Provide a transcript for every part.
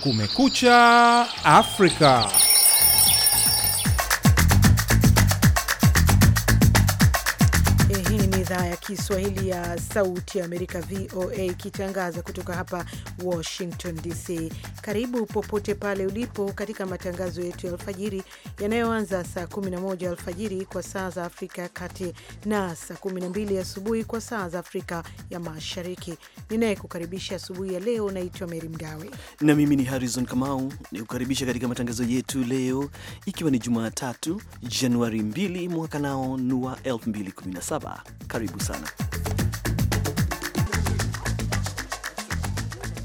Kumekucha Afrika. idhaa ya Kiswahili ya Sauti ya Amerika, VOA, ikitangaza kutoka hapa Washington DC. Karibu popote pale ulipo katika matangazo yetu ya alfajiri yanayoanza saa 11 alfajiri kwa saa za Afrika ya Kati na saa 12 asubuhi kwa saa za Afrika ya Mashariki. Ninayekukaribisha asubuhi ya leo naitwa Meri Mgawe na mimi ni Harrison Kamau, ni kukaribisha katika matangazo yetu leo, ikiwa ni Jumatatu Januari 2 mwaka nao nua 2017. Karibu sana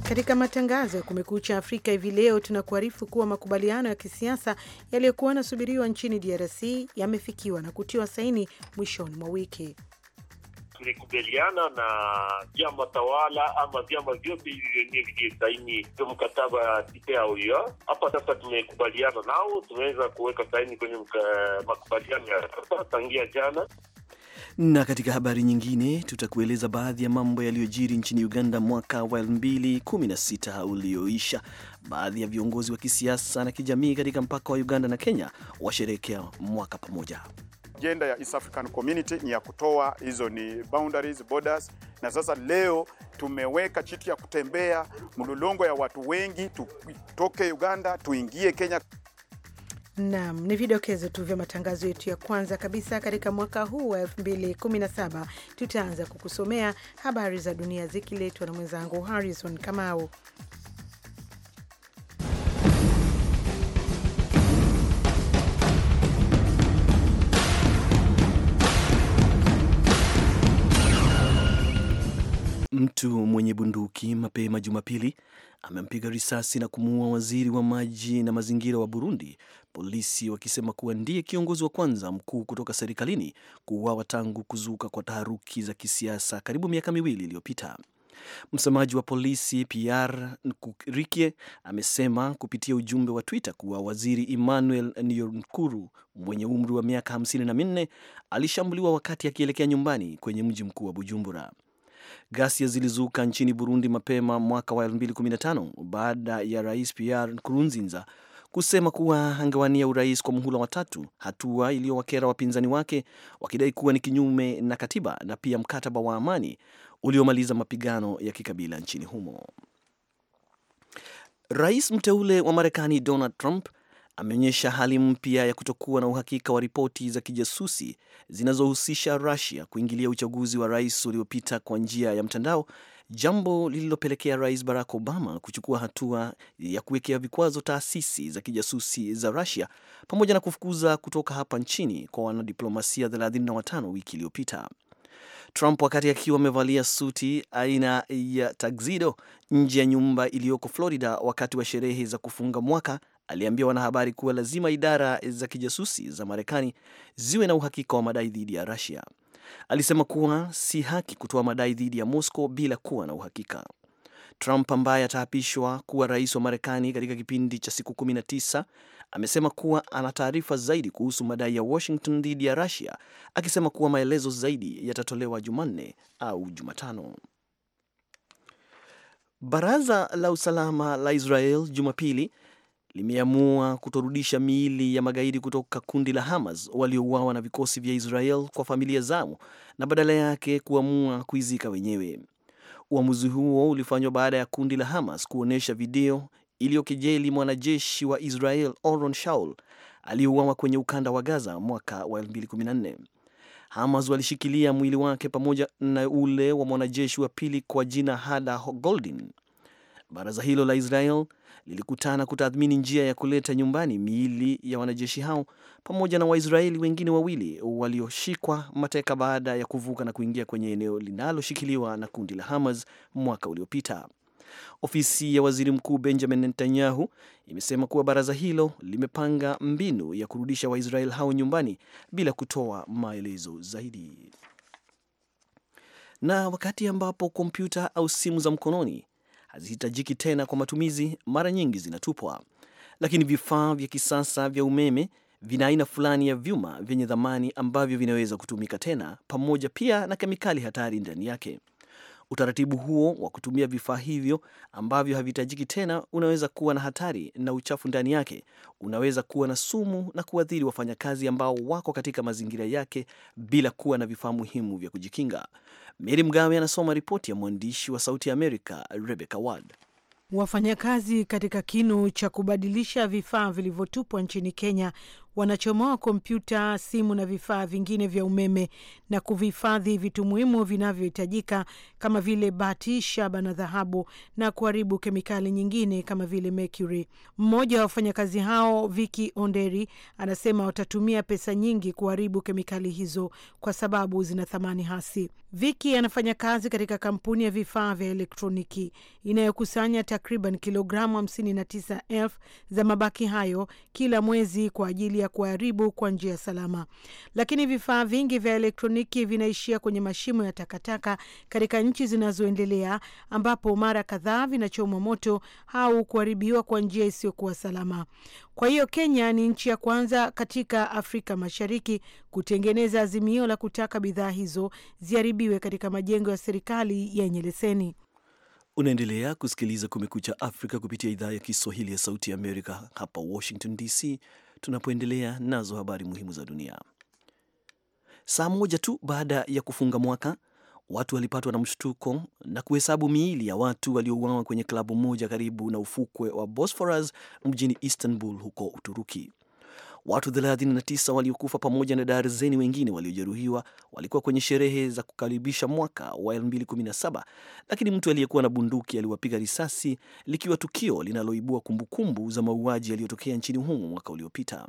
Katika matangazo ya Kumekucha Afrika hivi leo tunakuarifu kuwa makubaliano ya kisiasa yaliyokuwa yanasubiriwa nchini DRC yamefikiwa na kutiwa saini mwishoni mwa wiki. Tulikubaliana na vyama tawala ama vyama vyote hivi hivyo vilisaini hiyo mkataba ipeauyo. Hapa sasa tumekubaliana nao, tumeweza kuweka saini kwenye makubaliano ya sasa tangia jana. Na katika habari nyingine, tutakueleza baadhi ya mambo yaliyojiri nchini Uganda mwaka wa 2016 ulioisha. Baadhi ya viongozi wa kisiasa na kijamii katika mpaka wa Uganda na Kenya washerekea mwaka pamoja. Ajenda ya East African Community ni ya kutoa hizo ni boundaries borders, na sasa leo tumeweka chiti ya kutembea mlolongo ya watu wengi, tutoke Uganda tuingie Kenya. Naam, ni vidokezo tu vya matangazo yetu ya kwanza kabisa katika mwaka huu wa 2017. Tutaanza kukusomea habari za dunia zikiletwa na mwenzangu Harrison Kamau. Mtu mwenye bunduki mapema Jumapili amempiga risasi na kumuua waziri wa maji na mazingira wa Burundi, polisi wakisema kuwa ndiye kiongozi wa kwanza mkuu kutoka serikalini kuuawa tangu kuzuka kwa taharuki za kisiasa karibu miaka miwili iliyopita. Msemaji wa polisi PR Nkurikie amesema kupitia ujumbe wa Twitter kuwa waziri Emmanuel Nionkuru mwenye umri wa miaka hamsini na minne alishambuliwa wakati akielekea nyumbani kwenye mji mkuu wa Bujumbura. Ghasia zilizuka nchini Burundi mapema mwaka wa 2015 baada ya Rais Pierre Nkurunziza kusema kuwa angewania urais kwa muhula watatu, hatua iliyowakera wapinzani wake wakidai kuwa ni kinyume na katiba na pia mkataba wa amani uliomaliza mapigano ya kikabila nchini humo. Rais mteule wa Marekani Donald Trump ameonyesha hali mpya ya kutokuwa na uhakika wa ripoti za kijasusi zinazohusisha Rusia kuingilia uchaguzi wa rais uliopita kwa njia ya mtandao, jambo lililopelekea Rais Barack Obama kuchukua hatua ya kuwekea vikwazo taasisi za kijasusi za Rusia pamoja na kufukuza kutoka hapa nchini kwa wanadiplomasia 35 wiki iliyopita. Trump wakati akiwa amevalia suti aina ya tuxedo nje ya nyumba iliyoko Florida wakati wa sherehe za kufunga mwaka aliambia wanahabari kuwa lazima idara za kijasusi za Marekani ziwe na uhakika wa madai dhidi ya Rusia. Alisema kuwa si haki kutoa madai dhidi ya Moscow bila kuwa na uhakika. Trump ambaye ataapishwa kuwa rais wa Marekani katika kipindi cha siku 19 amesema kuwa ana taarifa zaidi kuhusu madai ya Washington dhidi ya Russia, akisema kuwa maelezo zaidi yatatolewa Jumanne au Jumatano. Baraza la usalama la Israel Jumapili limeamua kutorudisha miili ya magaidi kutoka kundi la Hamas waliouawa na vikosi vya Israel kwa familia zao na badala yake kuamua kuizika wenyewe. Uamuzi huo ulifanywa baada ya kundi la Hamas kuonyesha video iliyokejeli mwanajeshi wa Israel Oron Shaul aliyeuawa kwenye ukanda wa Gaza mwaka wa 2014. Hamas walishikilia mwili wake pamoja na ule wa mwanajeshi wa pili kwa jina Hada Goldin Baraza hilo la Israel lilikutana kutathmini njia ya kuleta nyumbani miili ya wanajeshi hao pamoja na Waisraeli wengine wawili walioshikwa mateka baada ya kuvuka na kuingia kwenye eneo linaloshikiliwa na kundi la Hamas mwaka uliopita. Ofisi ya waziri mkuu Benjamin Netanyahu imesema kuwa baraza hilo limepanga mbinu ya kurudisha waisrael hao nyumbani bila kutoa maelezo zaidi. Na wakati ambapo kompyuta au simu za mkononi hazihitajiki tena kwa matumizi, mara nyingi zinatupwa. Lakini vifaa vya kisasa vya umeme vina aina fulani ya vyuma vyenye dhamani ambavyo vinaweza kutumika tena, pamoja pia na kemikali hatari ndani yake. Utaratibu huo wa kutumia vifaa hivyo ambavyo havihitajiki tena unaweza kuwa na hatari na uchafu ndani yake unaweza kuwa na sumu na kuathiri wafanyakazi ambao wako katika mazingira yake bila kuwa na vifaa muhimu vya kujikinga. Meri Mgawe anasoma ripoti ya mwandishi wa Sauti ya Amerika Rebecca Ward. Wafanyakazi katika kinu cha kubadilisha vifaa vilivyotupwa nchini Kenya wanachomoa kompyuta, simu na vifaa vingine vya umeme na kuvihifadhi vitu muhimu vinavyohitajika kama vile bati, shaba na dhahabu na kuharibu kemikali nyingine kama vile mercury. Mmoja wa wafanyakazi hao Viki Onderi anasema watatumia pesa nyingi kuharibu kemikali hizo kwa sababu zina thamani hasi. Viki anafanya kazi katika kampuni ya vifaa vya elektroniki inayokusanya takriban kilogramu 59,000 za mabaki hayo kila mwezi kwa ajili ya kuharibu kwa njia salama, lakini vifaa vingi vya elektroniki vinaishia kwenye mashimo ya takataka katika nchi zinazoendelea ambapo mara kadhaa vinachomwa moto au kuharibiwa kwa njia isiyokuwa salama. Kwa hiyo Kenya ni nchi ya kwanza katika Afrika Mashariki kutengeneza azimio la kutaka bidhaa hizo ziharibiwe katika majengo ya serikali yenye leseni. Unaendelea kusikiliza Kumekucha Afrika kupitia idhaa ya Kiswahili ya Sauti ya Amerika hapa Washington DC, tunapoendelea nazo habari muhimu za dunia. Saa moja tu baada ya kufunga mwaka, watu walipatwa na mshtuko na kuhesabu miili ya watu waliouawa kwenye klabu moja karibu na ufukwe wa Bosphorus mjini Istanbul huko Uturuki. Watu 39 waliokufa pamoja na darzeni wengine waliojeruhiwa walikuwa kwenye sherehe za kukaribisha mwaka wa 2017 lakini mtu aliyekuwa na bunduki aliwapiga risasi, likiwa tukio linaloibua kumbukumbu za mauaji yaliyotokea nchini humo mwaka uliopita.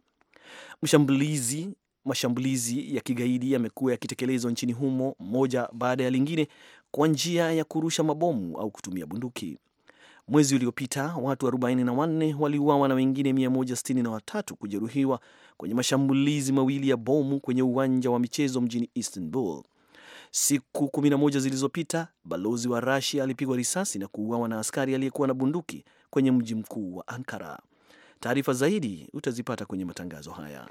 Mshambulizi mashambulizi ya kigaidi yamekuwa yakitekelezwa nchini humo moja baada ya lingine kwa njia ya kurusha mabomu au kutumia bunduki. Mwezi uliopita watu 44 waliuawa na wengine 163 kujeruhiwa kwenye mashambulizi mawili ya bomu kwenye uwanja wa michezo mjini Istanbul. Siku 11 zilizopita balozi wa Rusia alipigwa risasi na kuuawa na askari aliyekuwa na bunduki kwenye mji mkuu wa Ankara. Taarifa zaidi utazipata kwenye matangazo haya.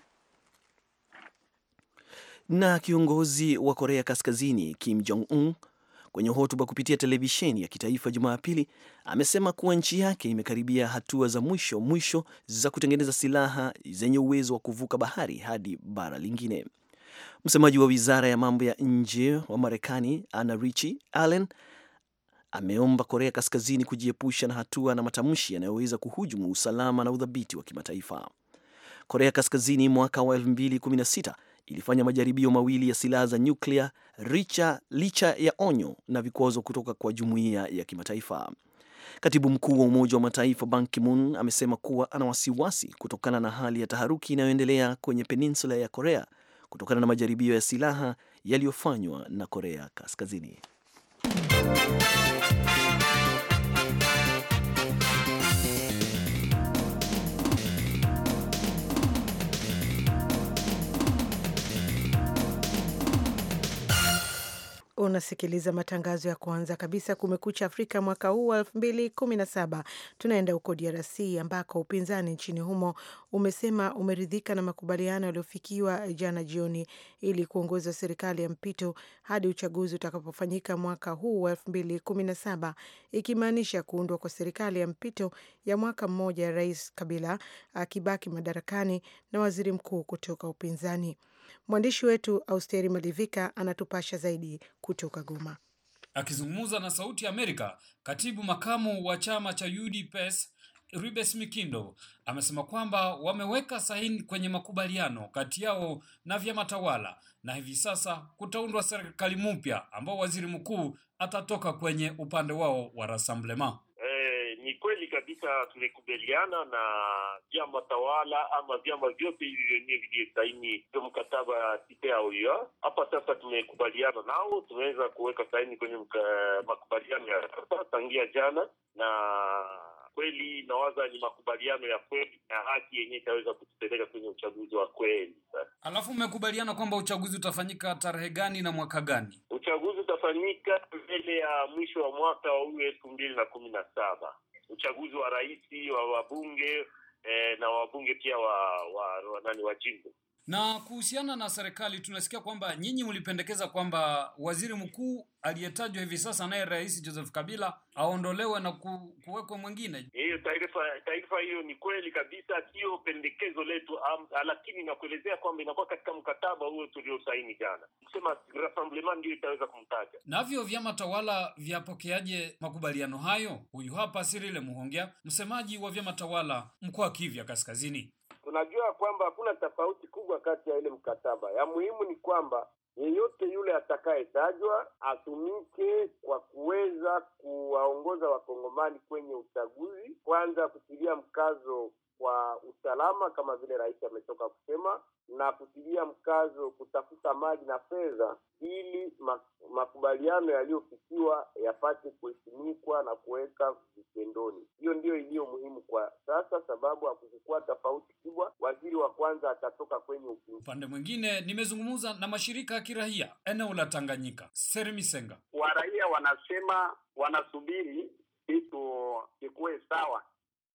Na kiongozi wa Korea Kaskazini Kim Jong Un Kwenye hotuba kupitia televisheni ya kitaifa Jumapili, amesema kuwa nchi yake imekaribia hatua za mwisho mwisho za kutengeneza silaha zenye uwezo wa kuvuka bahari hadi bara lingine. Msemaji wa wizara ya mambo ya nje wa Marekani Anna Richi Allen ameomba Korea Kaskazini kujiepusha na hatua na matamshi yanayoweza kuhujumu usalama na udhabiti wa kimataifa. Korea Kaskazini mwaka wa ilifanya majaribio mawili ya silaha za nyuklia richa licha ya onyo na vikwazo kutoka kwa jumuiya ya kimataifa. Katibu mkuu wa Umoja wa Mataifa Ban Ki-moon amesema kuwa ana wasiwasi kutokana na hali ya taharuki inayoendelea kwenye peninsula ya Korea kutokana na majaribio ya silaha yaliyofanywa na Korea Kaskazini. unasikiliza matangazo ya kwanza kabisa Kumekucha Afrika mwaka huu wa elfu Tunaenda huko DRC ambako upinzani nchini humo umesema umeridhika na makubaliano yaliyofikiwa jana jioni ili kuongoza serikali ya mpito hadi uchaguzi utakapofanyika mwaka huu wa elfu ikimaanisha kuundwa kwa serikali ya mpito ya mwaka mmoja ya Rais Kabila akibaki madarakani na waziri mkuu kutoka upinzani. Mwandishi wetu Austeri Malivika anatupasha zaidi kutoka Goma. Akizungumza na Sauti ya Amerika, katibu makamu wa chama cha UDPS Ribes Mikindo amesema kwamba wameweka saini kwenye makubaliano kati yao na vyama tawala na hivi sasa kutaundwa serikali mpya ambao waziri mkuu atatoka kwenye upande wao wa Rassemblement. Ni kweli kabisa tumekubaliana na vyama tawala ama vyama vyote hivi vyenyewe viliyesaini hiyo mkataba uya Hapa sasa tumekubaliana nao, tumeweza kuweka saini kwenye makubaliano ya sasa tangia jana, na kweli nawaza ni makubaliano ya kweli na haki yenyewe itaweza kutupeleka kwenye uchaguzi wa kweli. Sasa alafu mmekubaliana kwamba uchaguzi utafanyika tarehe gani na mwaka gani? Uchaguzi utafanyika mbele ya mwisho wa mwaka wa huyu elfu mbili na kumi na saba uchaguzi wa rais wa wabunge eh, na wabunge pia wa, wa, wa nani wa jimbo na kuhusiana na serikali, tunasikia kwamba nyinyi mlipendekeza kwamba waziri mkuu aliyetajwa hivi sasa naye Rais Joseph Kabila aondolewe na ku, kuwekwe mwingine. Hiyo eh, taarifa taarifa hiyo ni kweli kabisa, sio pendekezo letu, lakini nakuelezea kwamba inakuwa katika mkataba huo tuliosaini jana, kusema Rassemblement ndio itaweza kumtaja. Navyo vyama tawala vyapokeaje makubaliano hayo? Huyu hapa sirile Muhongia, msemaji wa vyama tawala mkoa Kivu Kaskazini tunajua kwamba hakuna tofauti kubwa kati ya ile mkataba. Ya muhimu ni kwamba yeyote yule atakayetajwa atumike kwa kuweza kuwaongoza wakongomani kwenye uchaguzi, kwanza kutilia mkazo kwa usalama kama vile rais ametoka kusema na kutilia mkazo kutafuta maji na fedha ili makubaliano yaliyofikiwa yapate kuheshimikwa na kuweka vitendoni. Hiyo ndiyo iliyo muhimu kwa sasa, sababu hakukuwa tofauti kubwa. Waziri wa kwanza atatoka kwenye upinzani. Upande mwingine, nimezungumza na mashirika ya kiraia eneo la Tanganyika. wa waraia wanasema wanasubiri kitu kikuwe sawa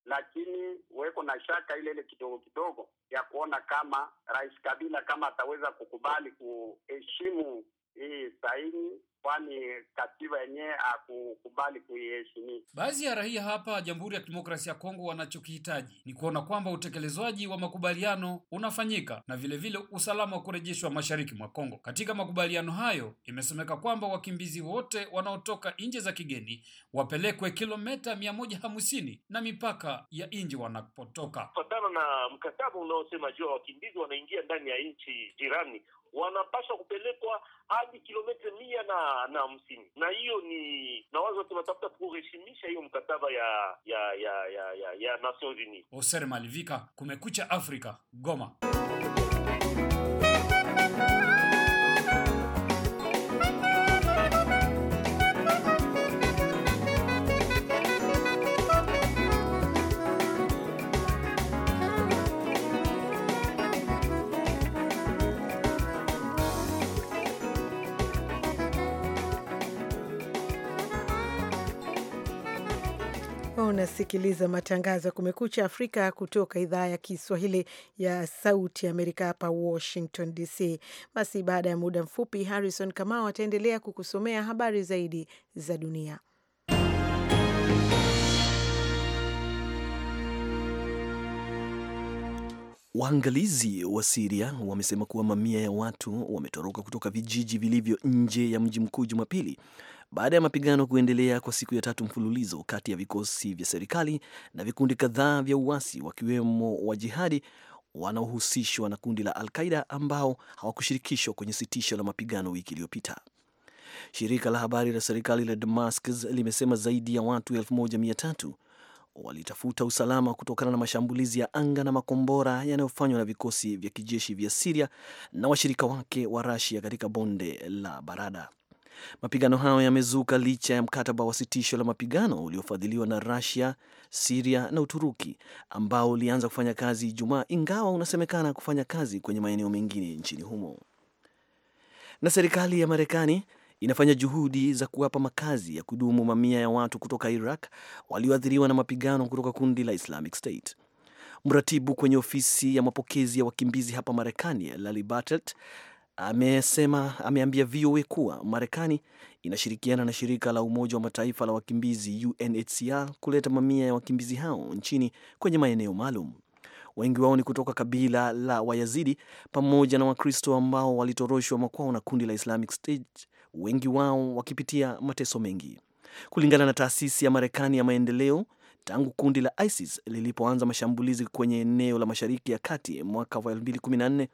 lakini weko na shaka ile ile kidogo kidogo ya kuona kama Rais Kabila kama ataweza kukubali kuheshimu hii saini kwani katiba yenyewe hakukubali kuiheshimia. Baadhi ya raia hapa Jamhuri ya Kidemokrasia ya Kongo wanachokihitaji ni kuona kwamba utekelezwaji wa makubaliano unafanyika na vilevile vile usalama wa kurejeshwa mashariki mwa Kongo. Katika makubaliano hayo imesemeka kwamba wakimbizi wote wanaotoka nje za kigeni wapelekwe kilometa mia moja hamsini na mipaka ya nje wanapotoka, kufuatana na mkataba unaosema jua wakimbizi wanaingia ndani ya nchi jirani wanapaswa kupelekwa hadi kilomita mia na na hamsini, na hiyo ni na wazo tunatafuta kuheshimisha hiyo mkataba ya ya ya ya ya, ya Nations Unies. Oser Malivika, Kumekucha Afrika, Goma. Unasikiliza matangazo ya Kumekucha Afrika kutoka idhaa ya Kiswahili ya Sauti Amerika, hapa Washington DC. Basi baada ya muda mfupi, Harrison Kamau ataendelea kukusomea habari zaidi za dunia. Waangalizi wa Siria wamesema kuwa mamia ya watu wametoroka kutoka vijiji vilivyo nje ya mji mkuu Jumapili baada ya mapigano kuendelea kwa siku ya tatu mfululizo kati ya vikosi vya serikali na vikundi kadhaa vya uasi wakiwemo wa jihadi wanaohusishwa na kundi la alqaida ambao hawakushirikishwa kwenye sitisho la mapigano wiki iliyopita. Shirika la habari la serikali la Damascus limesema zaidi ya watu 1300 walitafuta usalama kutokana na mashambulizi ya anga na makombora yanayofanywa na vikosi vya kijeshi vya Siria na washirika wake wa Rasia katika bonde la Barada. Mapigano hayo yamezuka licha ya mkataba wa sitisho la mapigano uliofadhiliwa na rasia Siria na Uturuki ambao ulianza kufanya kazi Ijumaa, ingawa unasemekana kufanya kazi kwenye maeneo mengine nchini humo. Na serikali ya Marekani inafanya juhudi za kuwapa makazi ya kudumu mamia ya watu kutoka Iraq walioathiriwa na mapigano kutoka kundi la Islamic State. Mratibu kwenye ofisi ya mapokezi ya wakimbizi hapa Marekani, Lali amesema ameambia VOA kuwa Marekani inashirikiana na shirika la Umoja wa Mataifa la wakimbizi UNHCR kuleta mamia ya wakimbizi hao nchini kwenye maeneo maalum. Wengi wao ni kutoka kabila la Wayazidi pamoja na Wakristo ambao walitoroshwa makwao na kundi la Islamic State, wengi wao wakipitia mateso mengi. Kulingana na taasisi ya Marekani ya maendeleo tangu kundi la ISIS lilipoanza mashambulizi kwenye eneo la mashariki ya kati mwaka wa 2014,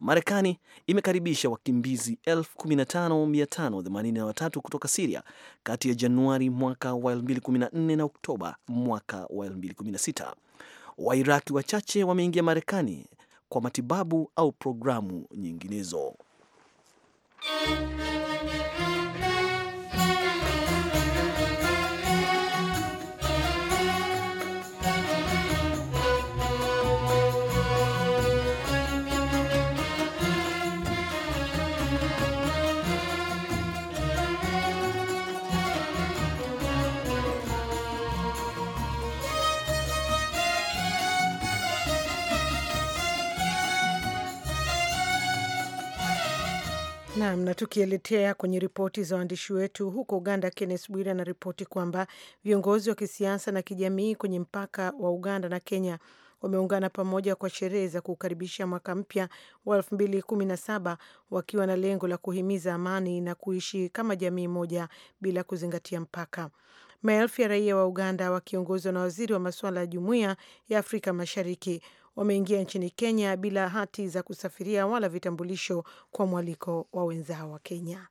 Marekani imekaribisha wakimbizi 15583 kutoka Siria kati ya Januari mwaka wa 2014 na Oktoba mwaka wa 2016. Wairaki wachache wameingia Marekani kwa matibabu au programu nyinginezo. Nam, na tukielekea kwenye ripoti za waandishi wetu huko Uganda, Kennes Bwire anaripoti kwamba viongozi wa kisiasa na kijamii kwenye mpaka wa Uganda na Kenya wameungana pamoja kwa sherehe za kukaribisha mwaka mpya wa elfu mbili kumi na saba wakiwa na lengo la kuhimiza amani na kuishi kama jamii moja bila kuzingatia mpaka. Maelfu ya raia wa Uganda wakiongozwa na waziri wa masuala ya jumuiya ya Afrika Mashariki wameingia nchini Kenya bila hati za kusafiria wala vitambulisho kwa mwaliko wa wenzao wa Kenya.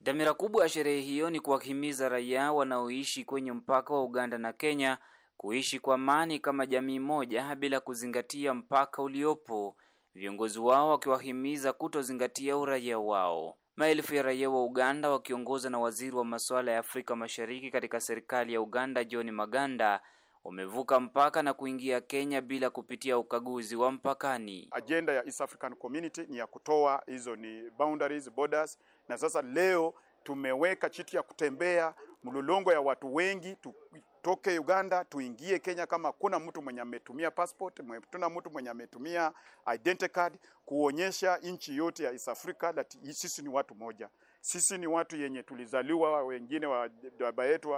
Dhamira kubwa ya sherehe hiyo ni kuwahimiza raia wanaoishi kwenye mpaka wa Uganda na Kenya kuishi kwa amani kama jamii moja bila kuzingatia mpaka uliopo, viongozi wao wakiwahimiza kutozingatia uraia wao. Maelfu ya raia wa Uganda wakiongozwa na waziri wa masuala ya Afrika Mashariki katika serikali ya Uganda John Maganda wamevuka mpaka na kuingia Kenya bila kupitia ukaguzi wa mpakani. Ajenda ya East African Community ni ya kutoa hizo ni boundaries borders, na sasa leo tumeweka chiti ya kutembea mlolongo ya watu wengi tutoke Uganda tuingie Kenya, kama kuna mtu mwenye ametumia passport, tuna mtu mwenye ametumia identity card, kuonyesha nchi yote ya East Africa that sisi ni watu moja, sisi ni watu yenye tulizaliwa wengine wa baba yetu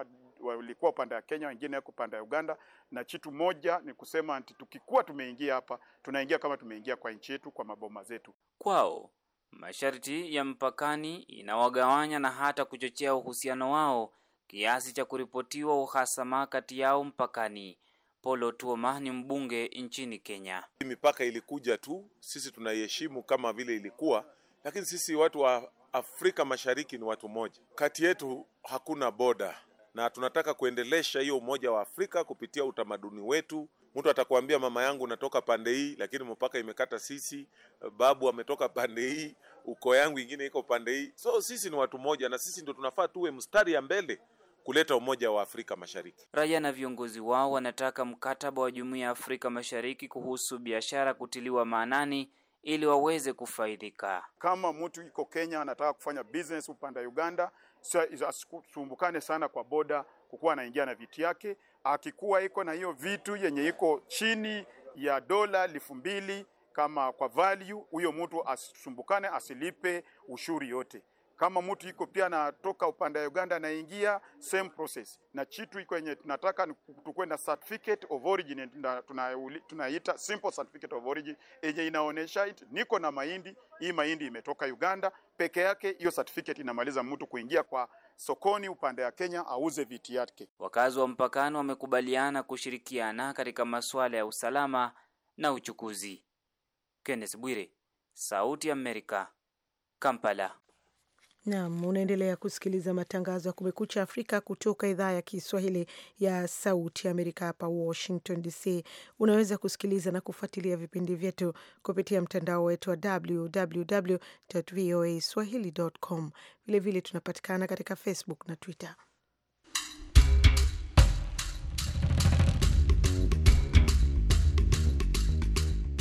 walikuwa upande wa Kenya, wengine wako upande ya Uganda, na chitu moja ni kusema anti, tukikuwa tumeingia hapa tunaingia kama tumeingia kwa nchi yetu, kwa maboma zetu. Kwao masharti ya mpakani inawagawanya na hata kuchochea uhusiano wao kiasi cha kuripotiwa uhasama kati yao mpakani. Polo Tuoma ni mbunge nchini Kenya. Mipaka ilikuja tu, sisi tunaiheshimu kama vile ilikuwa, lakini sisi watu wa Afrika Mashariki ni watu moja, kati yetu hakuna boda na tunataka kuendelesha hiyo umoja wa Afrika kupitia utamaduni wetu. Mtu atakwambia mama yangu natoka pande hii, lakini mpaka imekata sisi, babu ametoka pande hii, uko yangu ingine iko pande hii. So sisi ni watu moja, na sisi ndio tunafaa tuwe mstari ya mbele kuleta umoja wa Afrika Mashariki. Raia na viongozi wao wanataka mkataba wa Jumuiya ya Afrika Mashariki kuhusu biashara kutiliwa maanani ili waweze kufaidika. Kama mtu iko Kenya anataka kufanya business upande Uganda asikusumbukane sana kwa boda kukuwa anaingia na viti yake. Akikuwa iko na hiyo vitu yenye iko chini ya dola elfu mbili kama kwa value, huyo mtu asisumbukane, asilipe ushuru yote. Kama mtu iko pia natoka upande wa Uganda anaingia same process, na chitu iko yenye tunataka tukuwe na certificate of origin, tunaita simple certificate of origin yenye inaonesha it, niko na mahindi hii, mahindi imetoka Uganda peke yake. Hiyo certificate inamaliza mtu kuingia kwa sokoni upande ya Kenya auze viti yake. Wakazi wa mpakano wamekubaliana kushirikiana katika masuala ya usalama na uchukuzi. Kenneth Bwire, Sauti ya Amerika, Kampala. Naam, unaendelea kusikiliza matangazo ya Kumekucha Afrika kutoka idhaa ya Kiswahili ya Sauti Amerika hapa Washington DC. Unaweza kusikiliza na kufuatilia vipindi vyetu kupitia mtandao wetu wa www.voaswahili.com. Vilevile tunapatikana katika Facebook na Twitter.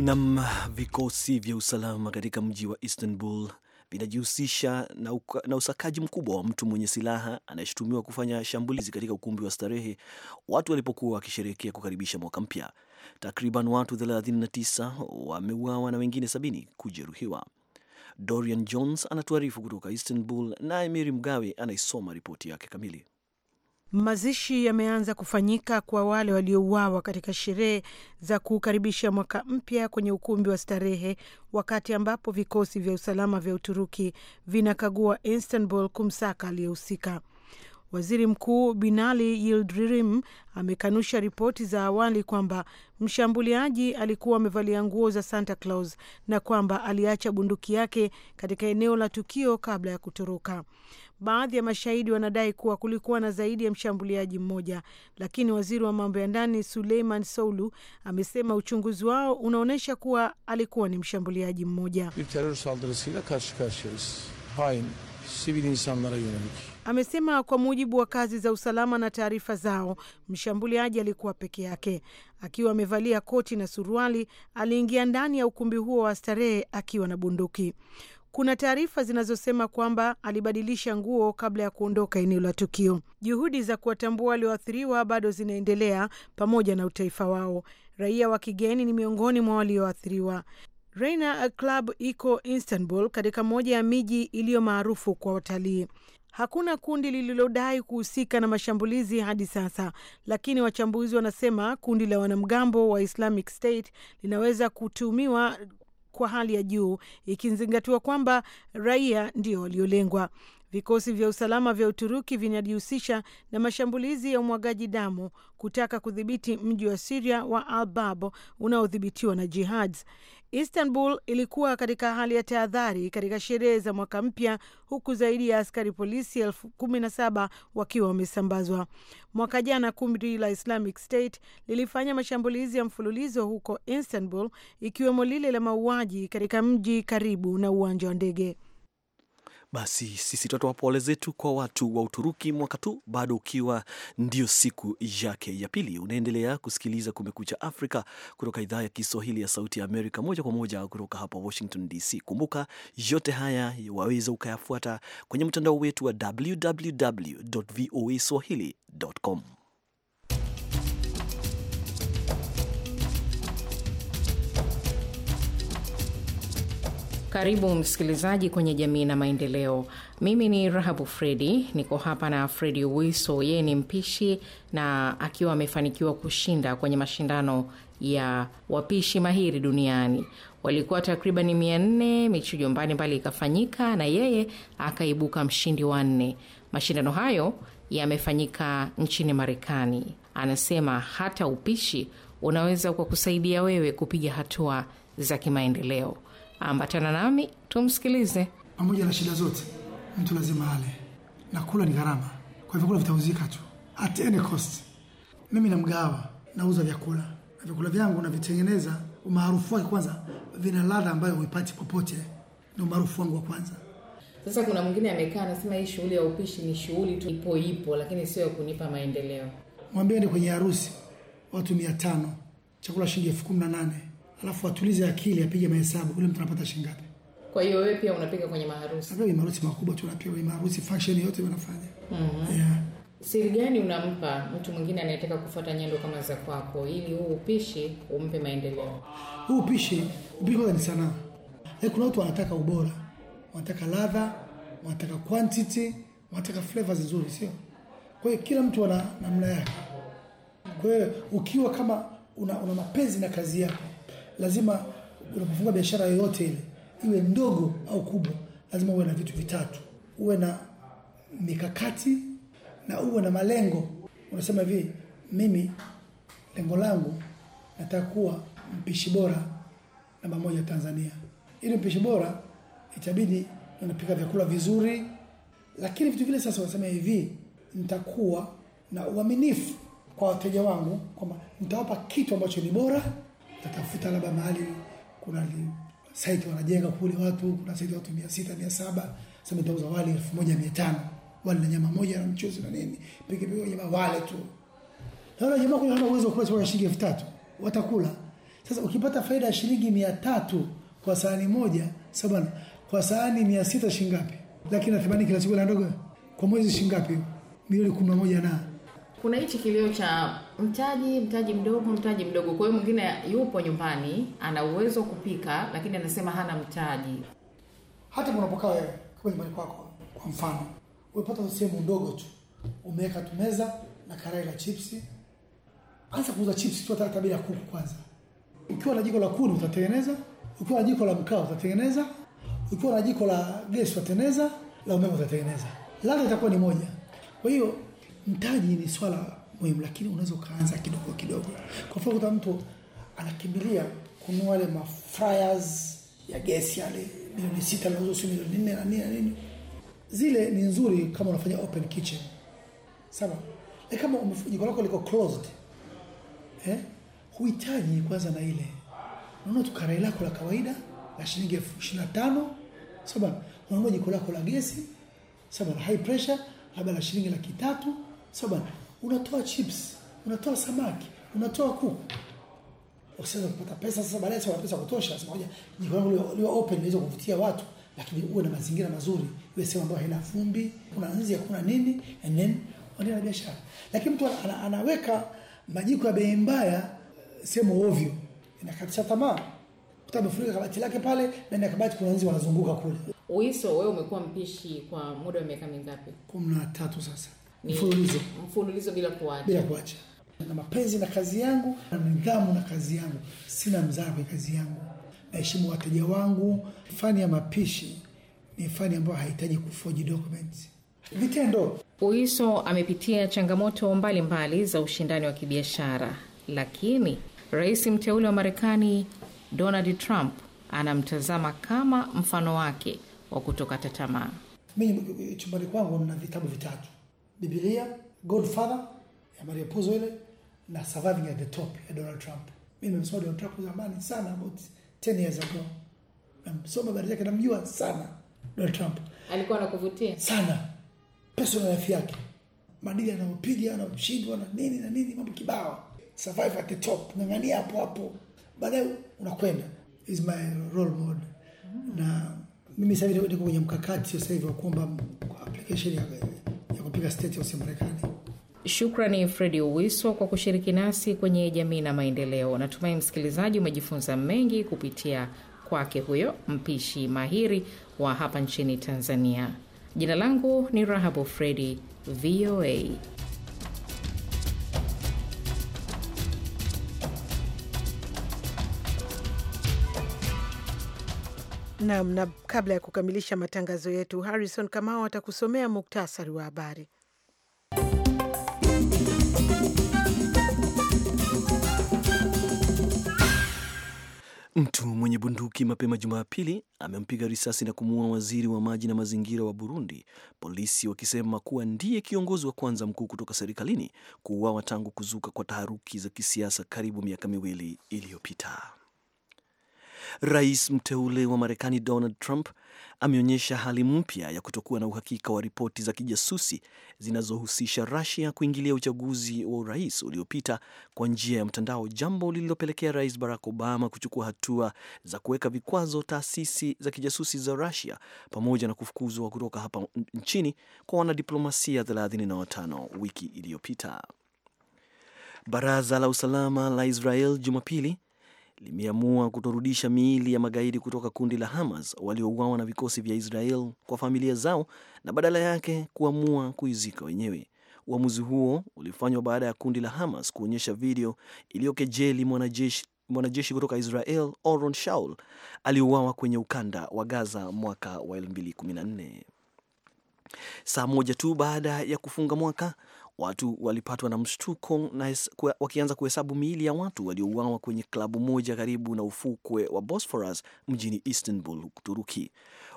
Nam, vikosi vya usalama katika mji wa Istanbul vinajihusisha na, na usakaji mkubwa wa mtu mwenye silaha anayeshutumiwa kufanya shambulizi katika ukumbi wa starehe watu walipokuwa wakisherehekea kukaribisha mwaka mpya. Takriban watu 39 wameuawa na wengine 70 kujeruhiwa. Dorian Jones anatuarifu kutoka Istanbul, naye mary Mgawe anaisoma ripoti yake kamili. Mazishi yameanza kufanyika kwa wale waliouawa katika sherehe za kukaribisha mwaka mpya kwenye ukumbi wa starehe, wakati ambapo vikosi vya usalama vya Uturuki vinakagua Istanbul kumsaka aliyehusika. Waziri Mkuu Binali Yildirim amekanusha ripoti za awali kwamba mshambuliaji alikuwa amevalia nguo za Santa Claus na kwamba aliacha bunduki yake katika eneo la tukio kabla ya kutoroka. Baadhi ya mashahidi wanadai kuwa kulikuwa na zaidi ya mshambuliaji mmoja, lakini waziri wa mambo ya ndani Suleiman Soulu amesema uchunguzi wao unaonyesha kuwa alikuwa ni mshambuliaji mmoja. Amesema kwa mujibu wa kazi za usalama na taarifa zao, mshambuliaji alikuwa peke yake. Akiwa amevalia koti na suruali, aliingia ndani ya ukumbi huo wa starehe akiwa na bunduki. Kuna taarifa zinazosema kwamba alibadilisha nguo kabla ya kuondoka eneo la tukio. Juhudi za kuwatambua walioathiriwa bado zinaendelea pamoja na utaifa wao. Raia wa kigeni ni miongoni mwa walioathiriwa. Reina Club iko Istanbul, katika moja ya miji iliyo maarufu kwa watalii. Hakuna kundi lililodai kuhusika na mashambulizi hadi sasa, lakini wachambuzi wanasema kundi la wanamgambo wa Islamic State linaweza kutumiwa kwa hali ya juu ikizingatiwa kwamba raia ndio waliolengwa. Vikosi vya usalama vya Uturuki vinajihusisha na mashambulizi ya umwagaji damu kutaka kudhibiti mji wa Siria wa Al Bab unaodhibitiwa na jihad. Istanbul ilikuwa katika hali ya tahadhari katika sherehe za mwaka mpya, huku zaidi ya askari polisi elfu kumi na saba wakiwa wamesambazwa. Mwaka jana kundi la Islamic State lilifanya mashambulizi ya mfululizo huko Istanbul, ikiwemo lile la mauaji katika mji karibu na uwanja wa ndege. Basi sisi tutatoa pole zetu kwa watu wa Uturuki mwaka tu bado ukiwa ndio siku yake ya pili. Unaendelea kusikiliza Kumekucha Afrika kutoka idhaa ya Kiswahili ya Sauti ya Amerika, moja kwa moja kutoka hapa Washington DC. Kumbuka yote haya waweza ukayafuata kwenye mtandao wetu wa www voa swahili.com. Karibu msikilizaji kwenye Jamii na Maendeleo. Mimi ni Rahabu Fredi, niko hapa na Fredi Wiso. Yeye ni mpishi na akiwa amefanikiwa kushinda kwenye mashindano ya wapishi mahiri duniani. Walikuwa takribani mia nne, michujo mbalimbali ikafanyika na yeye akaibuka mshindi wa nne. Mashindano hayo yamefanyika nchini Marekani. Anasema hata upishi unaweza kwa kusaidia wewe kupiga hatua za kimaendeleo. Ambatana nami tumsikilize. Pamoja na shida zote, mtu lazima ale, na kula ni gharama, kwa hivyo kula vitauzika tu at any cost. Mimi namgawa nauza vyakula na vyakula vyangu navitengeneza, umaarufu wake kwanza, vina ladha ambayo huipati popote, ni umaarufu wangu wa kwanza. Sasa kuna mwingine amekaa anasema hii shughuli ya upishi ni shughuli tu ipo ipo, lakini sio ya kunipa maendeleo. Mwambie ni kwenye harusi watu mia tano chakula shilingi elfu kumi na nane alafu atulize akili, apige mahesabu, kule mtu anapata shilingi ngapi. Kwa hiyo wewe pia unapiga kwenye maharusi? Napiga kwenye maharusi makubwa tu, napiga kwenye maharusi function yote wanafanya. mm-hmm. yeah. Siri gani unampa mtu mwingine anayetaka kufuata nyendo kama za kwako, ili huu upishi umpe maendeleo? Huu upishi, upishi kwanza ni sanaa. Eh, kuna watu wanataka ubora, wanataka ladha, wanataka quantity, wanataka flavors nzuri, sio? Kwa hiyo kila mtu ana namna yake. Kwa hiyo ukiwa kama una, una mapenzi na kazi yako lazima unapofunga biashara yoyote ile iwe ndogo au kubwa, lazima uwe na vitu vitatu, uwe na mikakati na uwe na malengo. Unasema hivi, mimi lengo langu nataka kuwa mpishi bora namba moja Tanzania. Ili mpishi bora itabidi unapika vyakula vizuri, lakini vitu vile sasa unasema hivi, nitakuwa na uaminifu kwa wateja wangu kwamba nitawapa kitu ambacho ni bora Tatafuta labda mahali kuna site wanajenga kule watu, kuna site watu 600 700, sasa nitauza wali 1500 wali na nyama moja na mchuzi na nini, peke peke jamaa wale tu. Sasa jamaa kuna hana uwezo kula chakula shilingi 3000 watakula. Sasa ukipata faida ya shilingi 300 kwa sahani moja, sabana kwa sahani 600 shilingi ngapi? Lakini na 80 kila siku la ndogo kwa mwezi shilingi ngapi? Milioni 11 na kuna hichi kilio cha mtaji mtaji mdogo mtaji mdogo kwa hiyo mwingine yupo nyumbani ana uwezo kupika lakini anasema hana mtaji hata unapokaa wewe kama nyumbani kwako kwa mfano umepata sehemu ndogo tu umeweka tu meza na karai la chipsi anza kuuza chipsi tu hata bila kuku kwanza ukiwa na jiko la kuni utatengeneza ukiwa na jiko la mkaa utatengeneza ukiwa na jiko la gesi utatengeneza la umeme utatengeneza ladha itakuwa ni moja kwa hiyo mtaji ni swala muhimu, lakini unaweza ukaanza kidogo kidogo. Kwa mfano, kuna mtu anakimbilia kununua wale mafryers ya gesi yale milioni sita nauza sio milioni nne na nini na nini. Zile ni nzuri kama unafanya open kitchen, sawa. Lakini kama jiko lako liko closed eh, huhitaji kwanza na ile. Unaona tu karai lako la kawaida la shilingi elfu ishirini na tano sawa, unanunua jiko lako la gesi sawa, high pressure labda la shilingi laki tatu Sio bwana, unatoa chips, unatoa samaki, unatoa kuku. Usiweze kupata pesa sasa baadaye sasa pesa kutosha. Sema moja, jiko lako liwe open liweze kuvutia watu, lakini uwe na mazingira mazuri, uwe sema ambayo haina vumbi, kuna nzi, kuna nini and then endelea na biashara. Lakini mtu ana, anaweka majiko ya bei mbaya eh, sema ovyo, inakatisha tamaa kuta amefunika kabati lake pale ndani ya kabati kuna nzi wanazunguka kule. Uiso, wewe umekuwa mpishi kwa muda wa miaka mingapi? 13 sasa mfululizo mfululizo bila kuacha bila kuacha, na mapenzi na kazi yangu na nidhamu na kazi yangu. Sina mzaha kwenye kazi yangu, naheshimu wateja wangu. Fani ya mapishi ni fani ambayo hahitaji kufoji documents vitendo. Uiso amepitia changamoto mbalimbali mbali za ushindani wa kibiashara, lakini rais mteule wa Marekani Donald Trump anamtazama kama mfano wake wa kutokata tamaa. Mimi chumbani kwangu nina vitabu vitatu Biblia, Godfather ya Maria Puzo ile na Surviving at the Top ya Donald Trump. Mimi nimemsoma Donald Trump zamani sana, about 10 years ago. Namsoma habari zake, namjua sana Donald Trump. Alikuwa anakuvutia sana, personal life yake, madili anayopiga, anashindwa na nini na nini, mambo kibao. Survive at the top, ng'ang'ania hapo hapo, baadaye unakwenda. Is my role model. Mm -hmm. Na mimi sasa hivi niko kwenye mkakati sasa hivi wa kuomba application ya ya kupiga state ya Marekani. Shukrani Fredi Uwiso kwa kushiriki nasi kwenye jamii na maendeleo. Natumai msikilizaji umejifunza mengi kupitia kwake huyo mpishi mahiri wa hapa nchini Tanzania. Jina langu ni Rahabu Fredi, VOA. Naam, na kabla ya kukamilisha matangazo yetu, Harrison Kamau atakusomea muktasari wa habari. Mtu mwenye bunduki mapema Jumapili amempiga risasi na kumuua waziri wa maji na mazingira wa Burundi, polisi wakisema kuwa ndiye kiongozi wa kwanza mkuu kutoka serikalini kuuawa tangu kuzuka kwa taharuki za kisiasa karibu miaka miwili iliyopita. Rais mteule wa Marekani Donald Trump ameonyesha hali mpya ya kutokuwa na uhakika wa ripoti za kijasusi zinazohusisha Russia kuingilia uchaguzi wa urais uliopita kwa njia ya mtandao, jambo lililopelekea Rais Barack Obama kuchukua hatua za kuweka vikwazo taasisi za kijasusi za Russia pamoja na kufukuzwa kutoka hapa nchini kwa wanadiplomasia 35 wiki iliyopita. Baraza la usalama la Israel Jumapili limeamua kutorudisha miili ya magaidi kutoka kundi la Hamas waliouawa na vikosi vya Israel kwa familia zao na badala yake kuamua kuizika wenyewe. Uamuzi huo ulifanywa baada ya kundi la Hamas kuonyesha video iliyokejeli mwanajeshi mwanajeshi kutoka Israel Oron Shaul aliuawa kwenye ukanda wa Gaza mwaka wa 2014. Saa moja tu baada ya kufunga mwaka, Watu walipatwa na mshtuko na wakianza kuhesabu miili ya watu waliouawa kwenye klabu moja karibu na ufukwe wa Bosphorus mjini Istanbul, Uturuki.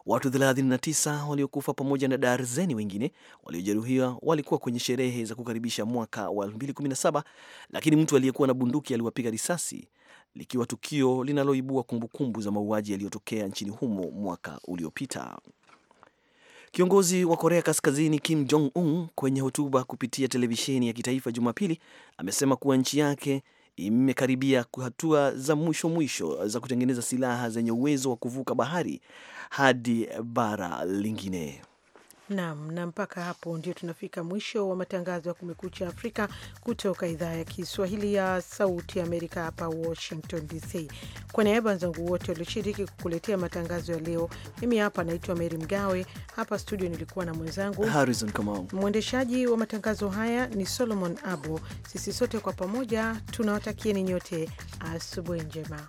Watu 39 waliokufa pamoja na darzeni wengine waliojeruhiwa walikuwa kwenye sherehe za kukaribisha mwaka wa 2017 lakini mtu aliyekuwa na bunduki aliwapiga risasi, likiwa tukio linaloibua kumbukumbu za mauaji yaliyotokea nchini humo mwaka uliopita. Kiongozi wa Korea Kaskazini Kim Jong Un kwenye hotuba kupitia televisheni ya kitaifa Jumapili amesema kuwa nchi yake imekaribia hatua za mwisho mwisho za kutengeneza silaha zenye uwezo wa kuvuka bahari hadi bara lingine. Naam, na mpaka hapo ndio tunafika mwisho wa matangazo ya Kumekucha Afrika kutoka idhaa ya Kiswahili ya Sauti ya Amerika hapa Washington DC. Kwa niaba wenzangu wote walioshiriki kukuletea matangazo ya leo, mimi hapa naitwa Meri Mgawe. Hapa studio nilikuwa na mwenzangu Harrison Kamau. Mwendeshaji wa matangazo haya ni Solomon Abo. Sisi sote kwa pamoja tunawatakieni nyote asubuhi njema.